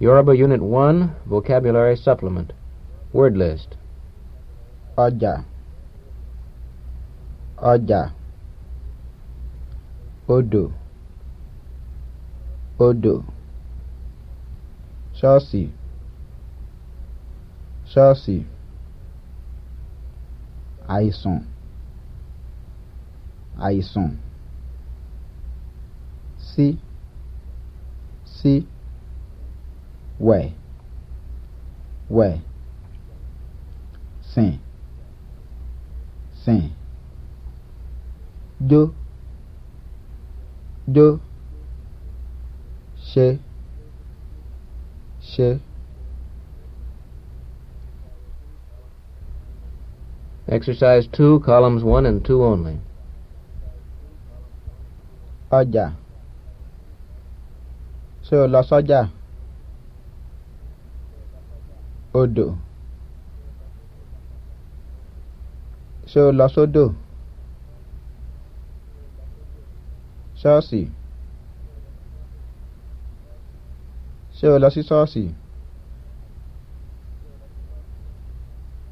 Yoruba Unit 1, Vocabulary Supplement. Word list. Ọjà. Ọjà. Odò. Odò. Ṣọ́ọ̀ṣì. Ṣọ́ọ̀ṣì. Aison. Aison. Sí. Sí. Way. Way. Sìn. Sìn. Do. Do. She. She. Exercise 2, columns 1 and 2 only. Ọjà. So la lọ sọ́jà? odò ṣé o lọ sódò ṣọ́ọ̀ṣì ṣé o lọ sí ṣọ́ọ̀ṣì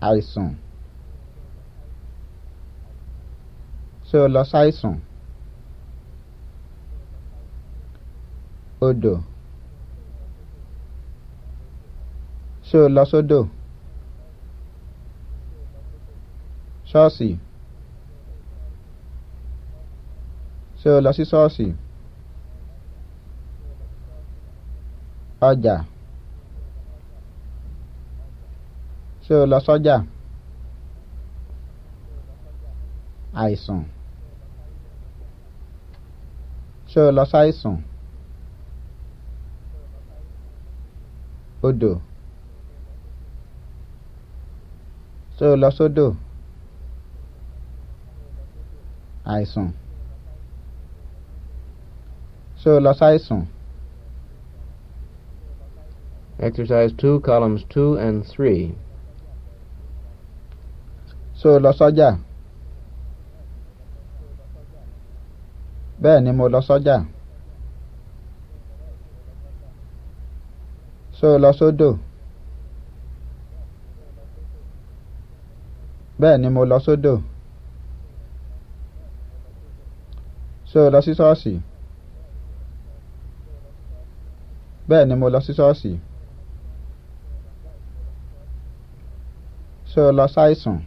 àìsàn ṣé o lọ ṣàìsàn odò. ṣé o lọ sódò ṣọ́ọ̀ṣì ṣé o lọ sí ṣọ́ọ̀ṣì ọjà ṣé o lọ sọ́jà àìsàn ṣé o lọ sáìsàn odò. So lọ sódò àìsàn ṣó lọ ṣàìsàn. exercise two columns two and three. So lọ sọ́jà. bẹ́ẹ̀ ni mo lọ sọ́jà. ṣó lọ sódò. So, bẹ́ẹ̀ ni mo lọ sódò ṣé o lọ sí ṣọ́ọ̀ṣì bẹ́ẹ̀ ni mo lọ sí ṣọ́ọ̀ṣì ṣé o lọ ṣàìsùn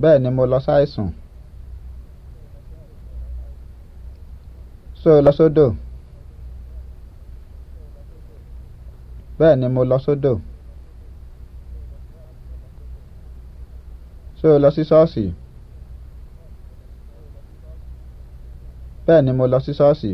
bẹ́ẹ̀ ni mo lọ ṣàìsùn ṣé o lọ sódò bẹ́ẹ̀ ni mo lọ sódò. So, ṣé o lọ sí ṣọ́ọ̀ṣì? Bẹ́ẹ̀ni mo lọ sí ṣọ́ọ̀ṣì.